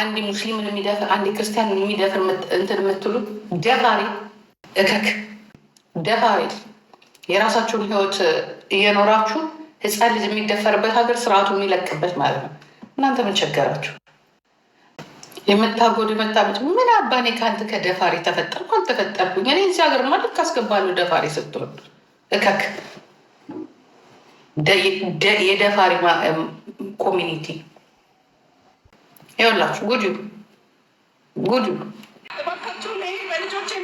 አንድ ሙስሊምን የሚደፍር አንድ ክርስቲያንን የሚደፍር እንትን የምትሉ ደፋሪ እከክ ደፋሪ የራሳችሁን ህይወት እየኖራችሁ ህፃን ልጅ የሚደፈርበት ሀገር ስርዓቱ የሚለቅበት ማለት ነው። እናንተ ምን ቸገራችሁ? የምታጎድ የመታመጭ ምን አባኔ ከአንተ ከደፋሪ ተፈጠርኩ አልተፈጠርኩኝ። እኔ እዚህ ሀገር ማ ልክ አስገባለሁ። ደፋሪ ስትሆን እከክ የደፋሪ ኮሚኒቲ ይኸውላችሁ ጉድ ጉድ በኋላ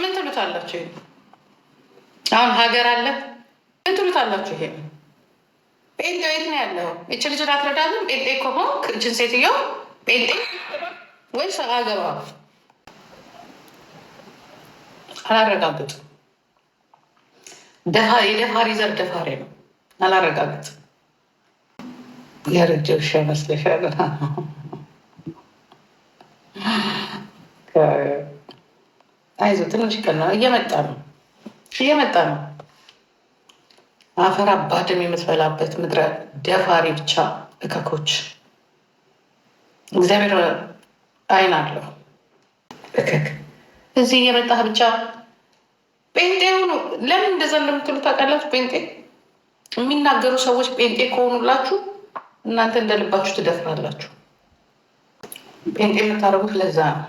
ምን ትሉታላችሁ? አሁን ሀገር አለ ምን ትሉታላችሁ? ይሄ ጴንጤ የት ነው ያለው? ይች ልጅ አትረዳትም። ጴንጤ እኮ ሆንክ እችን ሴትዮ ጴንጤ ወይስ አገባ አላረጋግጥም የደፋሪ ዘር ደፋሪ ነው። አላረጋግጥም። ያረጀ ውሻ መስለሻል። አይዞ ትንሽ ቀና፣ እየመጣ ነው እየመጣ ነው። አፈር አባድም የምትበላበት ምድረ ደፋሪ ብቻ እከኮች። እግዚአብሔር አይን አለው እከክ። እዚህ እየመጣህ ብቻ ጴንጤ ሆኑ። ለምን እንደዛ እንደምትሉ ታውቃላችሁ? ጴንጤ የሚናገሩ ሰዎች ጴንጤ ከሆኑላችሁ እናንተ እንደልባችሁ ትደፍራላችሁ። ጴንጤ የምታደርጉት ለዛ ነው።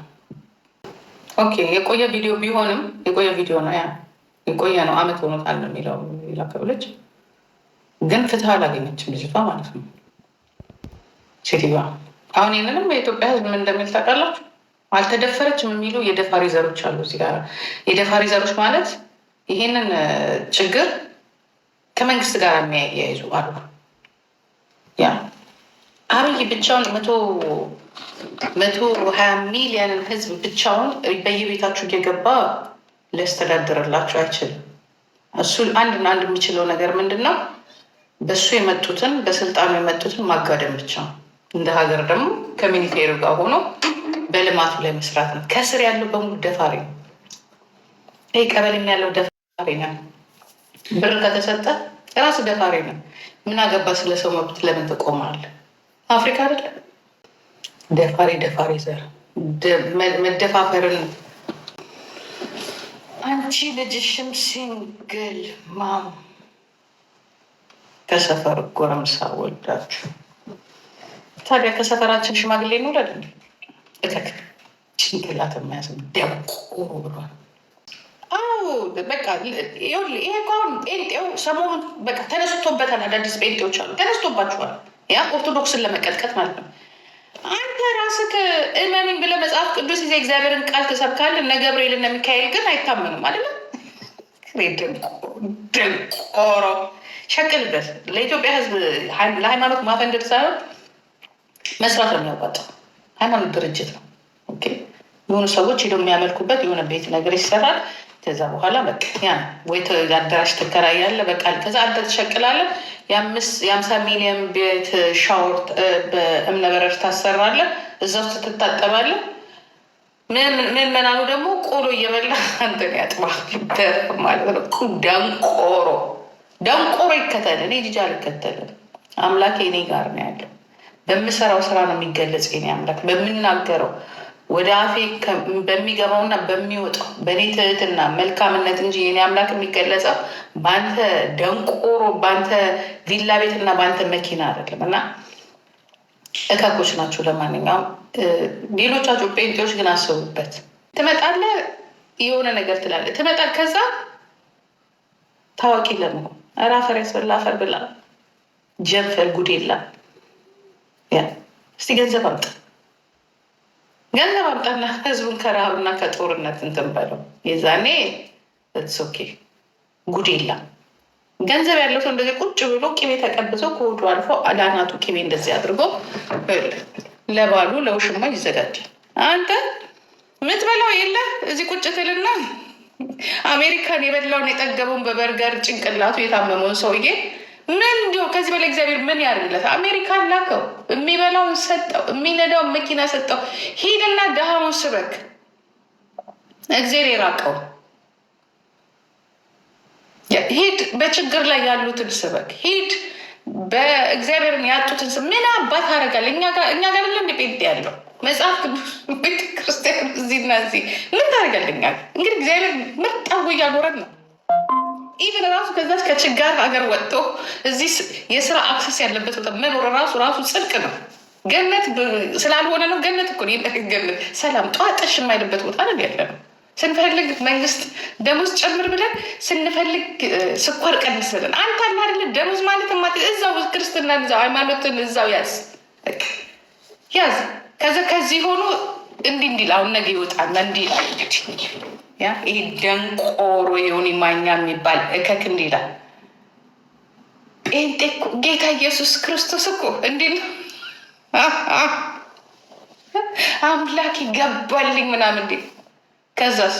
ኦኬ የቆየ ቪዲዮ ቢሆንም የቆየ ቪዲዮ ነው፣ ያ የቆየ ነው። አመት ሆኖታል ነው የሚለው ላከብለች። ግን ፍትህ አላገኘችም ልጅቷ ማለት ነው ሴትዮዋ። አሁን ይህንንም የኢትዮጵያ ሕዝብ ምን እንደሚል ታውቃላችሁ? አልተደፈረችም የሚሉ የደፋሪ ዘሮች አሉ። እዚህ ጋር የደፋሪ ዘሮች ማለት ይሄንን ችግር ከመንግስት ጋር የሚያያይዙ አሉ። ያ አብይ ብቻውን መቶ መቶ ሀያ ሚሊዮንን ህዝብ ብቻውን በየቤታችሁ እየገባ ሊያስተዳድርላችሁ አይችልም። እሱ አንድና አንድ የሚችለው ነገር ምንድን ነው? በእሱ የመጡትን በስልጣኑ የመጡትን ማጋደም ብቻ። እንደ ሀገር ደግሞ ከሚኒቴሩ ጋር ሆኖ በልማቱ ላይ መስራት ነው። ከስር ያለው በሙሉ ደፋሪ ነው። ይህ ቀበሌም ያለው ደፋሪ ነው። ብር ከተሰጠ እራሱ ደፋሪ ነው። ምን አገባ ስለ ሰው መብት ለምን ትቆማለህ? አፍሪካ አይደለም ደፋሪ ደፋሪ ዘር መደፋፈርን አንቺ ልጅሽም ሲንግል ማም ከሰፈር ጎረምሳ ወልዳችሁ ታዲያ ከሰፈራችን ሽማግሌ እንውለድ ጭንቅላት የማያስብ ደቆሮ ብሏል። አዎ በቃ ይሄ አሁን ጴንጤው ሰሞኑን በቃ ተነስቶበታል። አዳዲስ ጴንጤዎች አሉ፣ ተነስቶባቸዋል። ያ ኦርቶዶክስን ለመቀጥቀጥ ማለት ነው። አንተ ራስህ እመኑኝ ብለህ መጽሐፍ ቅዱስ ይዘህ እግዚአብሔርን ቃል ትሰብካለህ። እነ ገብርኤል እነ ሚካኤል ግን አይታመኑም አይደለ? ደንቆሮ ሸቅልበት። ለኢትዮጵያ ሕዝብ ለሃይማኖት ማፈንደድ ሳይሆን መስራት ነው የሚያዋጣው። ሃይማኖት ድርጅት ነው። የሆኑ ሰዎች ሄደው የሚያመልኩበት የሆነ ቤት ነገር ይሰራል። ከዛ በኋላ በቃ ወይ አዳራሽ ትከራያለህ፣ በቃ ከዛ አንተ ትሸቅላለህ። የአምሳ ሚሊዮን ቤት ሻወር በእምነበረድ ታሰራለህ፣ እዛ ውስጥ ትታጠባለህ። መናሉ ደግሞ ቆሎ እየበላ አንተን ያጥባ ማለት ነው። ደንቆሮ ደንቆሮ ይከተል። እኔ ጅጅ አልከተልም። አምላክ የኔ ጋር ነው ያለው። በምሰራው ስራ ነው የሚገለጽ የኔ አምላክ በምናገረው ወደ አፌ በሚገባውና በሚወጣው በእኔ ትህትና መልካምነት እንጂ የኔ አምላክ የሚገለጸው በአንተ ደንቆሮ በአንተ ቪላ ቤትና በአንተ መኪና አይደለም። እና እከኮች ናቸው። ለማንኛውም ሌሎቻችሁ ጴንጤዎች ግን አስቡበት። ትመጣለህ፣ የሆነ ነገር ትላለህ፣ ትመጣለህ፣ ከዛ ታዋቂ ለመሆን ኧረ አፈር ያስበላ አፈር ብላ ጀንፈር ጉድ የላ እስቲ ገንዘብ አምጣ ገንዘብ አምጣና ህዝቡን ከረሃብና ከጦርነት እንትን በለው። የዛኔ ኦኬ ጉድ የለም። ገንዘብ ያለው ሰው እንደዚህ ቁጭ ብሎ ቅቤ ተቀብሶ ከወዱ አልፎ ለአናቱ ቅቤ እንደዚህ አድርጎ ለባሉ ለውሽማ ይዘጋጃል። አንተ ምትበላው የለ እዚህ ቁጭ ትልና አሜሪካን የበላውን የጠገበውን በበርገር ጭንቅላቱ የታመመውን ሰውዬ ምን እንዲሁ ከዚህ በላይ እግዚአብሔር ምን ያደርግለት? አሜሪካን ላከው፣ የሚበላውን ሰጠው፣ የሚነዳውን መኪና ሰጠው። ሂድና ደሃውን ስበክ። እግዚአብሔር የራቀው ሂድ፣ በችግር ላይ ያሉትን ስበክ። ሂድ፣ በእግዚአብሔርን ያጡትን ምን አባት አደርጋለሁ። እኛ ጋር ለ ጴንጤ ያለው መጽሐፍ ቅዱስ ቤተክርስቲያን እዚህና እዚህ ምን ታደርጋለህ? እንግዲህ እግዚአብሔር ምርጥ አድርጎ እያኖረን ነው ኢቨን ራሱ ከዛች ከችጋር ሀገር ወጥቶ እዚህ የስራ አክሰስ ያለበት ቦታ መኖር ራሱ ራሱ ጽድቅ ነው። ገነት ስላልሆነ ነው። ገነት እኮ ገነት ሰላም ጠዋጠሽ የማይልበት ቦታ ነው ያለ ነው። ስንፈልግ መንግስት ደሞዝ ጨምር ብለን ስንፈልግ ስኳር ቀንስ ብለን አንተ አለ አይደለ ደሞዝ ማለት ማ እዛው ክርስትና እዛው ሃይማኖትን እዛው ያዝ ያዝ ከዚህ ሆኖ እንዲህ እንዲል አሁን ነገ ይወጣና እንዲህ ይላል። እንግዲህ ያ ይሄ ደንቆሮ የሆን ማኛ የሚባል እከክ እንዲህ ይላል። ጴንጤ ጌታ ኢየሱስ ክርስቶስ እኮ እንዲህ ነው አምላክ ይገባልኝ ምናምን እንዴ ከዛስ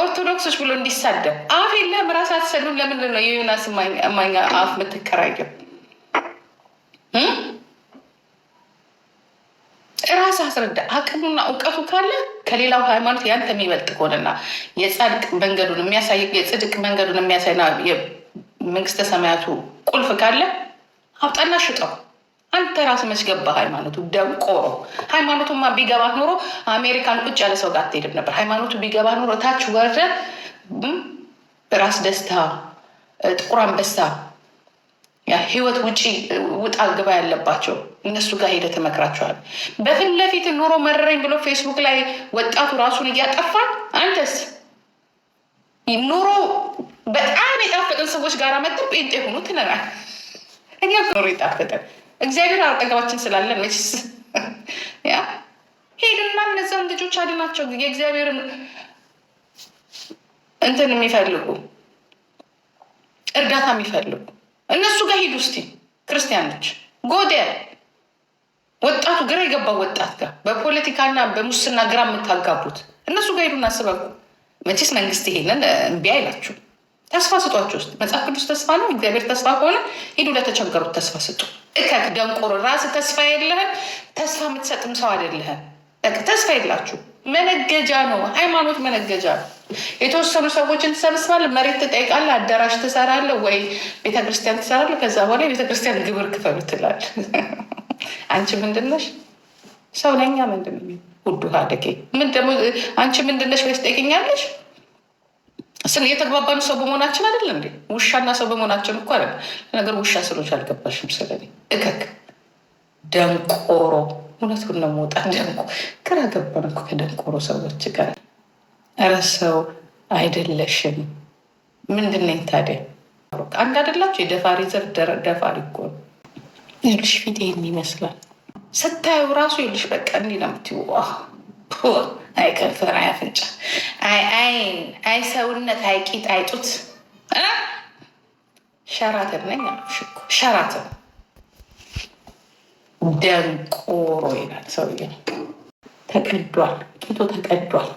ኦርቶዶክሶች ብሎ እንዲሳደብ አፍ የለም ራስ አትሰሉም። ለምንድን ነው የዮናስ ማኛ አፍ የምትከራየው? ራስ አስረዳ። አቅሙና እውቀቱ ካለ ከሌላው ሃይማኖት ያንተ የሚበልጥ ከሆነና የጻድቅ መንገዱን የሚያሳይ የጽድቅ መንገዱን የሚያሳይ መንግስተ ሰማያቱ ቁልፍ ካለ አውጣና ሽጠው። አንተ ራስ መች ገባ ሃይማኖቱ? ደንቆሮ። ሃይማኖቱማ ቢገባ ኖሮ አሜሪካን ቁጭ ያለ ሰው ጋር አትሄድም ነበር። ሃይማኖቱ ቢገባ ኖሮ ታች ወርደ ራስ ደስታ፣ ጥቁር አንበሳ ያ ህይወት ውጪ ውጣ ግባ ያለባቸው እነሱ ጋር ሄደ ተመክራቸዋል። በፊት ለፊት ኑሮ መረረኝ ብሎ ፌስቡክ ላይ ወጣቱ ራሱን እያጠፋ አንተስ ኑሮ በጣም የጣፈጠን ሰዎች ጋር መጥተው ጴንጤ ሆኑ ትነራል። እኛ ኑሮ የጣፈጠን እግዚአብሔር አጠገባችን ስላለን መችስ ያ ሄድና እነዚያን ልጆች አድናቸው። የእግዚአብሔርን እንትን የሚፈልጉ እርዳታ የሚፈልጉ እነሱ ጋር ሂዱ እስቲ ክርስቲያኖች፣ ጎደ ወጣቱ ግራ የገባ ወጣት ጋር በፖለቲካና በሙስና ግራ የምታጋቡት እነሱ ጋር ሄዱና ስበኩ። መቼስ መንግስት ይሄንን እምቢ አይላችሁ። ተስፋ ስጧቸው ውስጥ መጽሐፍ ቅዱስ ተስፋ ነው። እግዚአብሔር ተስፋ ከሆነ ሂዱ ለተቸገሩት ተስፋ ስጡ። እከት ደንቆሮ ራስ ተስፋ የለህም። ተስፋ የምትሰጥም ሰው አይደለህም። ተስፋ የላችሁ መነገጃ ነው። ሃይማኖት መነገጃ ነው። የተወሰኑ ሰዎችን ትሰብስባለህ፣ መሬት ትጠይቃለህ፣ አዳራሽ ትሰራለህ ወይ ቤተክርስቲያን ትሰራለህ። ከዛ በኋላ የቤተክርስቲያን ግብር ክፈሉ ትላለህ። አንቺ ምንድነሽ? ሰው ለኛ ምንድን ሁዱ አደጌ ምን ደግሞ አንቺ ምንድነሽ ብለሽ ትጠይቅኛለሽ። የተግባባኑ ሰው በመሆናችን አይደለም እንዴ? ውሻና ሰው በመሆናችን እኮ አይደለም። ነገር ውሻ ስሎች አልገባሽም። ስለ እከክ ደንቆሮ እውነቱን ነው መውጣ ደንቆ ግራ ገባን እኮ ከደንቆሮ ሰዎች ጋር። እረ ሰው አይደለሽም። ምንድን ነኝ ታዲያ? አንድ አይደላችሁ። የደፋሪ ዘር ደፋሪ እኮ ነው። ይኸውልሽ ፊት ይህን ይመስላል ስታዩ ራሱ ይኸውልሽ፣ በቃ እንዲህ ነው የምትይው። አይ ከንፈር፣ አይ አፍንጫ፣ አይ አይን፣ አይ ሰውነት፣ አይ ቂጥ፣ አይ ጡት። ሸራተን ነኝ አልኩሽ እኮ ሸራተን ደንቆሮ ይላል ሰውዬው። ተቀዷል፣ ቂጡ ተቀዷል፣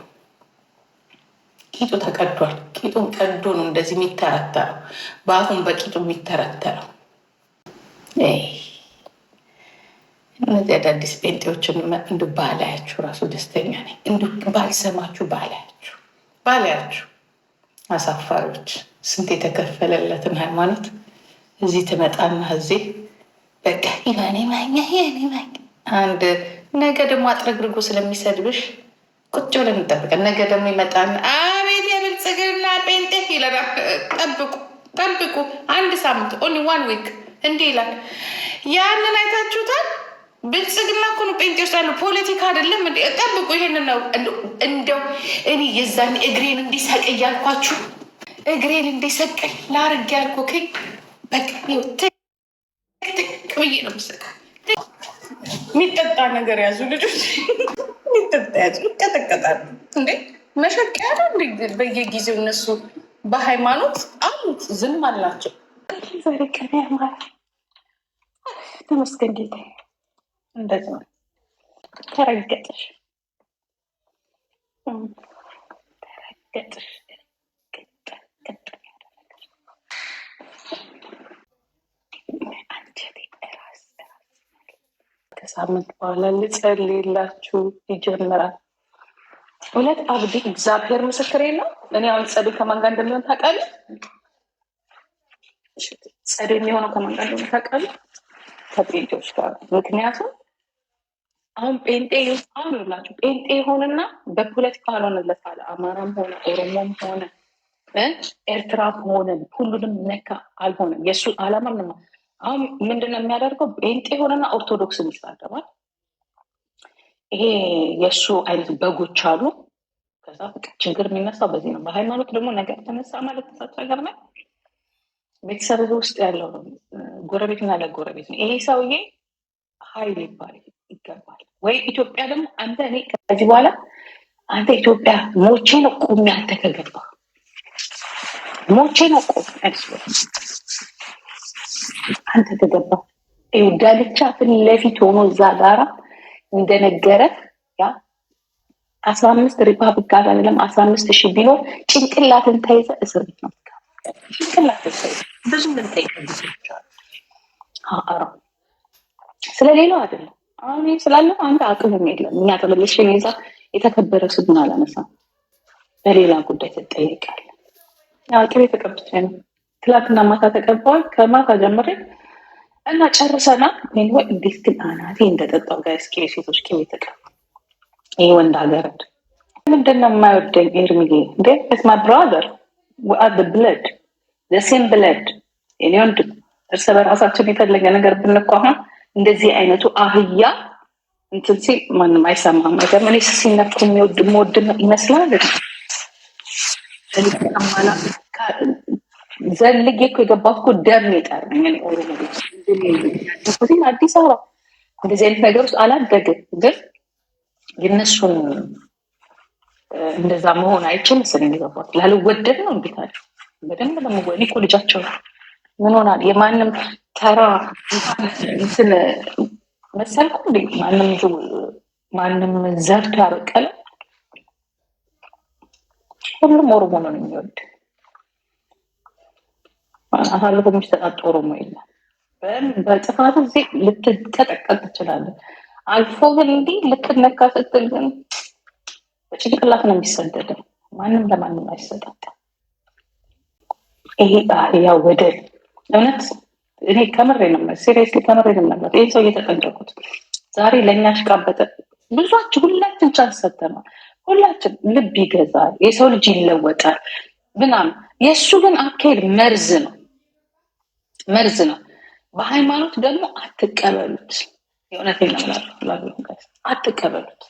ቂጡ ተቀዷል። ቂጡን ቀዶ ነው እንደዚህ የሚተረተረው፣ በአፉን በቂጡ የሚተረተረው። እነዚህ አዳዲስ ጴንጤዎችን እንዱ ባላያችሁ ራሱ ደስተኛ ነኝ። እንዱ ባልሰማችሁ ባላያችሁ ባላያችሁ አሳፋሪዎች። ስንት የተከፈለለትን ሃይማኖት እዚህ ትመጣና እዚህ በቃ የኔ ማኛ የኔ ማኛ። አንድ ነገ ደግሞ አጥረግርጎ ስለሚሰድብሽ ቁጭ ብለን እንጠብቀን። ነገ ደግሞ ይመጣል። አቤት የብልጽግና ጴንጤ ይለናል። ጠብቁ ጠብቁ። አንድ ሳምንት ኦንሊ ዋን ዊክ እንዲህ ይላል። ያንን አይታችሁታል። ብልጽግና እኮ ነው ጴንጤ ውስጥ ያለው ፖለቲካ አይደለም። ጠብቁ። ይሄን ነው እንደው እኔ የዛን እግሬን እንዲሰቅ እያልኳችሁ እግሬን እንዲሰቅ ላርግ ያልኩ በቃ ቆይ ነው ምስል የሚጠጣ ነገር ያዙ ልጆች፣ የሚጠጣ ያዙ። ይቀጠቀጣሉ እንዴ መሸቂያ ነው እንዴ? በየጊዜው እነሱ በሃይማኖት አሉት፣ ዝም አላቸው። ተመስገን ጌታ። እንደዚህ ነው ተረገጥሽ ተረገጥሽ ከሳምንት በኋላ ልጸልይላችሁ ይጀምራል። እውነት አብዲ እግዚአብሔር ምስክር ነው። እኔ አሁን ጸዴ ከማን ጋር እንደሚሆን ታውቃለህ? ጸዴ የሚሆነው ከማን ጋር እንደሚሆን ታውቃለህ? ከጴንጤዎች ጋር ምክንያቱም አሁን ጴንጤ አሁን ላቸው ጴንጤ የሆነና በፖለቲካ አልሆነለት አለ አማራም ሆነ ኦሮሞም ሆነ ኤርትራም ሆነ ሁሉንም ነካ አልሆነ የእሱ አላማ ምንማ አሁን ምንድነው የሚያደርገው? ጴንጤ የሆነና ኦርቶዶክስን ይሳደባል። ይሄ የእሱ አይነት በጎች አሉ። ከዛ ፍቅ ችግር የሚነሳው በዚህ ነው። በሃይማኖት ደግሞ ነገር ተነሳ ማለት ተሳት ሀገር ነው። ቤተሰብ ውስጥ ያለው ነው፣ ና ለጎረቤት ነው። ይሄ ሰውዬ ሀይል ይባል ይገባል ወይ ኢትዮጵያ ደግሞ አንተ እኔ ከዚህ በኋላ አንተ ኢትዮጵያ ሞቼ ነው ቁሚ አንተ ከገባ ሞቼ ነው ቁም አንተ ተገባ ዳልቻ ፊት ለፊት ሆኖ እዛ ጋራ እንደነገረ ያ አስራ አምስት ሪፐብሊክ ጋር አይደለም አስራ አምስት ሺህ ቢኖር ጭንቅላትን ተይዘ እስር ቤት ነው። ጭንቅላትን ተይዘ ብዙ ምን ጠይቀ ስለሌላው አይደለም። አሁን ስላለው አንድ አቅምም የለም። እኛ ተመለሽ ይዛ የተከበረ ስሙን አላነሳም። በሌላ ጉዳይ ትጠይቃለህ። ቅቤ ተቀብቻ ነው ትላንትና ማታ ተቀባዋል። ከማታ ጀምሬ እና ጨርሰና ወይ እንዴት ግን አናቴ እንደጠጣው ጋር እስኪ ሴቶች ቅቤ ተቀባ። ይህ ወንድ ሀገር ምንድን ነው የማይወደኝ? ኤርሚጌ እንዴ ስ ማይ ብራዘር አት ብለድ ሴም ብለድ እኔ ወንድ እርስ በራሳችን የፈለገ ነገር ብንኳሆን እንደዚህ አይነቱ አህያ እንትን ሲል ማንም አይሰማም። አይገርም። እኔ ሲነኩ የሚወድ የምወድ ይመስላል ዘልጌ እኮ የገባት እኮ ደም የጠራኝ ኦሮሞ አዲስ አበባ እንደዚህ አይነት ነገር ውስጥ አላደግም፣ ግን የነሱን እንደዛ መሆን አይቼ መሰለኝ የገባት ላልወደድ ነው እንቤታቸው በደንብ ደግሞ እኔ እኮ ልጃቸው ምን ሆናል? የማንም ተራ እንትን መሰልኩ እንዴ? ማንም ማንም ዘርቶ ያበቀለ ሁሉም ኦሮሞ ነው የሚወድ አሳልፎ የሚሰጣጥ ኦሮሞ የለም። በጥፋት ጊዜ ልትቀጠቀጥ ትችላለህ። አልፎ ግን እንዲህ ልትነካ ስትል ግን በጭንቅላት ነው የሚሰደደው። ማንም ለማንም አይሰጣጣም። ይሄ ያ ወደል እውነት እኔ ከምሬ ነው ሲሪየስሊ ከምሬ ነው ማለት ይህ ሰው እየተጠንቀቁት ዛሬ ለእኛ አሽቃበጠ ብዙች ሁላችን ቻንስ ሰተናል። ሁላችን ልብ ይገዛል፣ የሰው ልጅ ይለወጣል ምናምን። የእሱ ግን አካሄድ መርዝ ነው። መርዝ ነው። በሃይማኖት ደግሞ አትቀበሉት። የእውነት ለምላለሁ አትቀበሉት።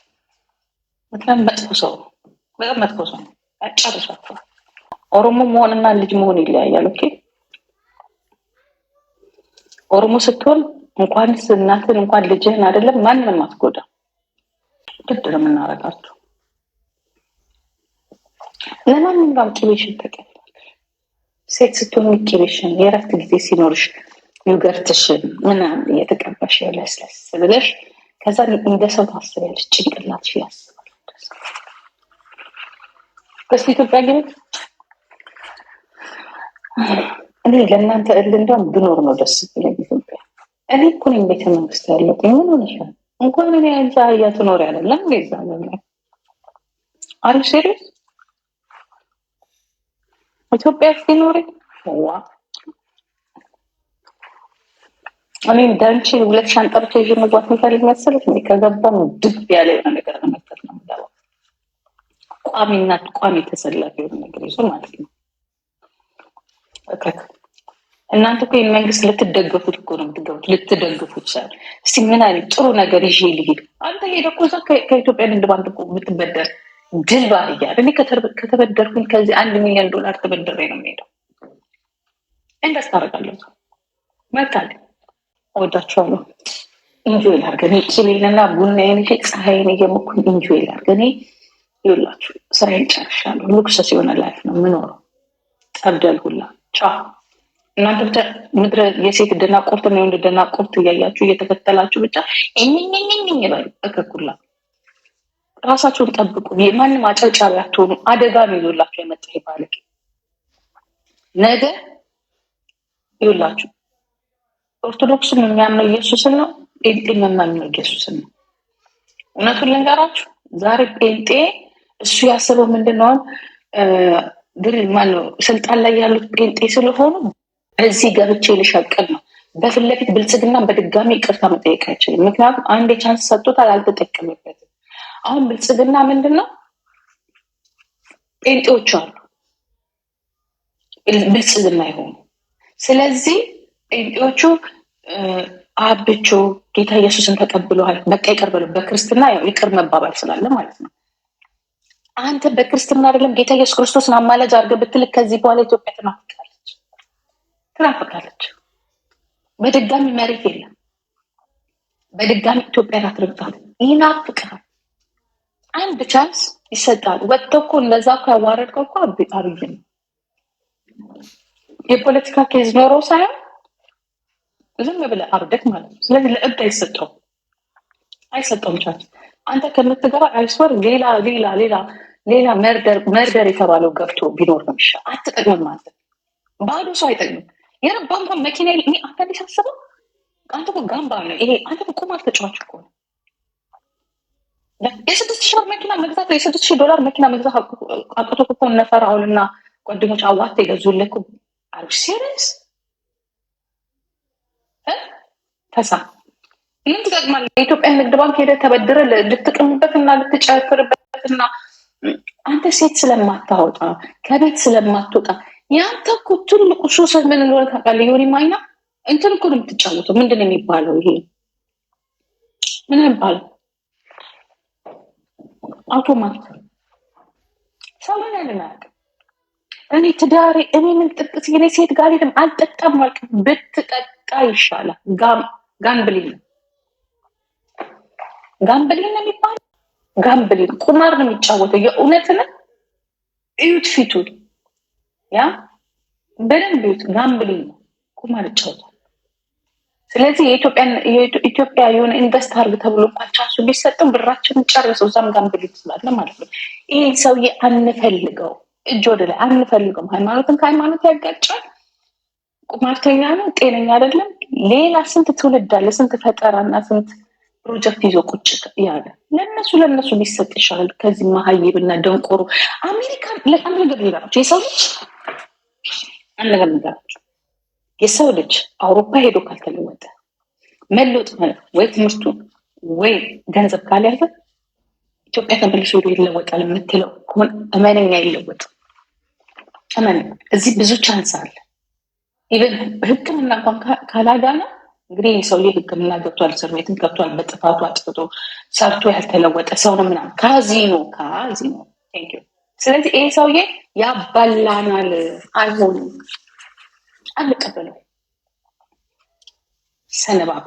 ምክንያቱም መጥፎ ሰው ነው። በጣም መጥፎ ሰው ነው። ያጫርሷቸዋል። ኦሮሞ መሆንና ልጅ መሆን ይለያያል። ኦኬ ኦሮሞ ስትሆን እንኳን እናትን እንኳን ልጅህን አይደለም ማንንም አትጎዳ። ድድር ነው የምናረጋቸው ለማንኛውም ጥቤሽን ተቀ ሴትስቶን ይኬልሽን የእረፍት ጊዜ ሲኖርሽ ዩገርትሽን ምናምን እየተቀባሽ ለስለስ ብለሽ ከዛ እንደ ሰው ታስቢያለሽ። ጭንቅላትሽ ያስባል። በስ ኢትዮጵያ ግን እኔ ለእናንተ እል እንደውም ብኖር ነው ደስ ብለኝ ኢትዮጵያ። እኔ እኮ ነኝ ቤተ መንግስት ያለሁት። ምን ሆነሻል? እንኳን እኔ አንቺ አህያ ትኖር ያለለም ዛ አሪፍ ሴሪስ ኢትዮጵያ ውስጥ ይኖር እኔ እንዳንቺ ሁለት ሻንጣ ይዤ መግባት የሚፈልግ መሰለሽ? እንዲ ከገባም ድብ ያለ የሆነ ነገር ለመክተት ነው የምገባው። ቋሚና ቋሚ ተሰላፊ የሆነ ነገር ይዞ ማለት ነው። እናንተ እኮ መንግስት ልትደገፉት እኮ ነው የምትገቡት፣ ልትደግፉት ሳል እስቲ ምን አለ ጥሩ ነገር ይዤ ልሂድ። አንተ ሄደ እኮ እዛ ከኢትዮጵያ ንግድ ባንክ እኮ የምትበደር ጅል ባልያል እኔ ከተበደርኩኝ ከዚህ አንድ ሚሊዮን ዶላር ተበደሬ ነው የሚሄደው። ኢንቨስት አደርጋለሁ። መታል እወዳቸዋለሁ። ኢንጆይ ላድርግ ቂሌንና ቂቤንና ቡናዬን ይ ፀሐይን እየሞኩኝ ኢንጆይ ላድርግ እኔ ይላችሁ ስራዬን ጨርሻለሁ። ሉክሰስ የሆነ ላይፍ ነው የምኖረው። ጠብደል ሁላ ቻ እናንተ ብቻ ምድረ የሴት ደናቁርት እና የወንድ ደናቁርት እያያችሁ እየተከተላችሁ ብቻ ይኝኝኝኝ ይበሉ እከኩላ ራሳቸውን ጠብቁ። ማንም አጨብጫቢ አትሆኑ። አደጋ ነው ይዞላቸው የመጣ ባለጌ። ነገ ይውላችሁ ኦርቶዶክስም የሚያምነው ኢየሱስን ነው። ጴንጤ የሚያምነው ኢየሱስን ነው። እውነቱን ልንገራችሁ፣ ዛሬ ጴንጤ እሱ ያስበው ምንድን ነው? ስልጣን ላይ ያሉት ጴንጤ ስለሆኑ በዚህ ገብቼ ልሸቅል ነው። በፊት ለፊት ብልጽግና በድጋሚ ይቅርታ መጠየቅ አይችልም። ምክንያቱም አንድ የቻንስ ሰጥቶታል፣ አልተጠቀምበት አሁን ብልጽግና ምንድን ነው? ጴንጤዎች አሉ ብልጽግና የሆኑ ስለዚህ ጴንጤዎቹ አብቾ ጌታ ኢየሱስን ተቀብለዋል፣ በቃ ይቅር በሉ። በክርስትና ይቅር መባባል ስላለ ማለት ነው። አንተ በክርስትና አይደለም ጌታ ኢየሱስ ክርስቶስን አማላጅ አድርገህ ብትልክ ከዚህ በኋላ ኢትዮጵያ ትናፍቃለች፣ ትናፍቃለች። በድጋሚ መሬት የለም። በድጋሚ ኢትዮጵያ ናትርብጣት ይናፍቃል። አንድ ቻንስ ይሰጣል። ወጥተህ እኮ እንደዛ እኮ ያዋረድከው እኮ አብይ ነው። የፖለቲካ ኬዝ ኖሮ ሳይሆን ዝም ብለህ አብደክ ማለት ነው። ስለዚህ ለእብድ አይሰጠውም፣ አይሰጠው ቻንስ። አንተ ከምትገባ አይስወር ሌላ ሌላ ሌላ ሌላ መርደር መርደር የተባለው ገብቶ ቢኖር ነው ይሻ አትጠቅምም ማለት ባዶ ሰው አይጠቅምም። የረባም መኪና አንተ ሳስበው አንተ ጋምባ ነው ይሄ አንተ ቁማር ተጫዋች እኮ የስድስት ሺህ ብር መኪና መግዛት የስድስት ሺህ ዶላር መኪና መግዛት አቅቶ እኮ እነ ፈርዖንና ጓደኞች አዋት የገዙልህ። አር ሲሪየስ ተሳ ምን ትጠቅማለህ? የኢትዮጵያ ንግድ ባንክ ሄደህ ተበድረህ ልትጨፍርበት ልትጨፍርበትና አንተ ሴት ስለማታወጣ ከቤት ስለማትወጣ የአንተ እኮ ትልቁ ሱስ ምን እንደሆነ ታውቃለህ? የሆነ ማይና እንትን እኮ ነው የምትጫወተው። ምንድን ነው የሚባለው? ይሄ ምን ይባለው? አውቶማት ሰውን ያልናቅ እኔ ትዳሬ እኔ ምን ጥቅስ የኔ ሴት ጋር ሄድም አልጠጣም አልክ ብትጠጣ ይሻላል። ጋምብሊን ነው ጋምብሊን ነው የሚባል ጋምብሊን ቁማር ነው የሚጫወተው። የእውነትን እዩት ፊቱን ያ በደንብ እዩት። ጋምብሊን ነው ቁማር ይጫወታል። ስለዚህ ኢትዮጵያ የሆነ ኢንቨስት አርግ ተብሎ እንኳን ቻንሱ ቢሰጥም ብራችን ጨርሰው እዛም ጋንብል ይችላለ ማለት ነው። ይህ ሰውዬ አንፈልገው፣ እጅ ወደ ላይ አንፈልገውም። ሃይማኖትን ከሃይማኖት ያጋጫል። ቁማርተኛ ነው፣ ጤነኛ አይደለም። ሌላ ስንት ትውልድ አለ፣ ስንት ፈጠራና ስንት ፕሮጀክት ይዞ ቁጭ ያለ ለእነሱ ለእነሱ ሊሰጥ ይሻላል። ከዚህ መሀይብ እና ደንቆሮ አሜሪካ ለአንድ ነገር ሌላቸው የሰው ልጅ አንድ ነገር ነገራቸው የሰው ልጅ አውሮፓ ሄዶ ካልተለ መለወጥ ማለት ወይ ትምህርቱ ወይ ገንዘብ ካልያዘ ኢትዮጵያ ተመልሶ ወደ ይለወጣል የምትለው ከሆነ እመነኛ ይለወጥ እመን። እዚህ ብዙ ቻንስ አለ። ኢቨን ሕክምና እንኳን ካላዳነ እንግዲህ ሰውዬ ሕክምና ገብቷል፣ እስር ቤትን ገብቷል፣ በጥፋቱ አጥፍቶ ሰርቶ ያልተለወጠ ሰው ነው ምናምን ካዚኖ ካዚኖ። ስለዚህ ይሄ ሰውዬ ያባላናል፣ አይሆንም፣ አንቀበለው sene var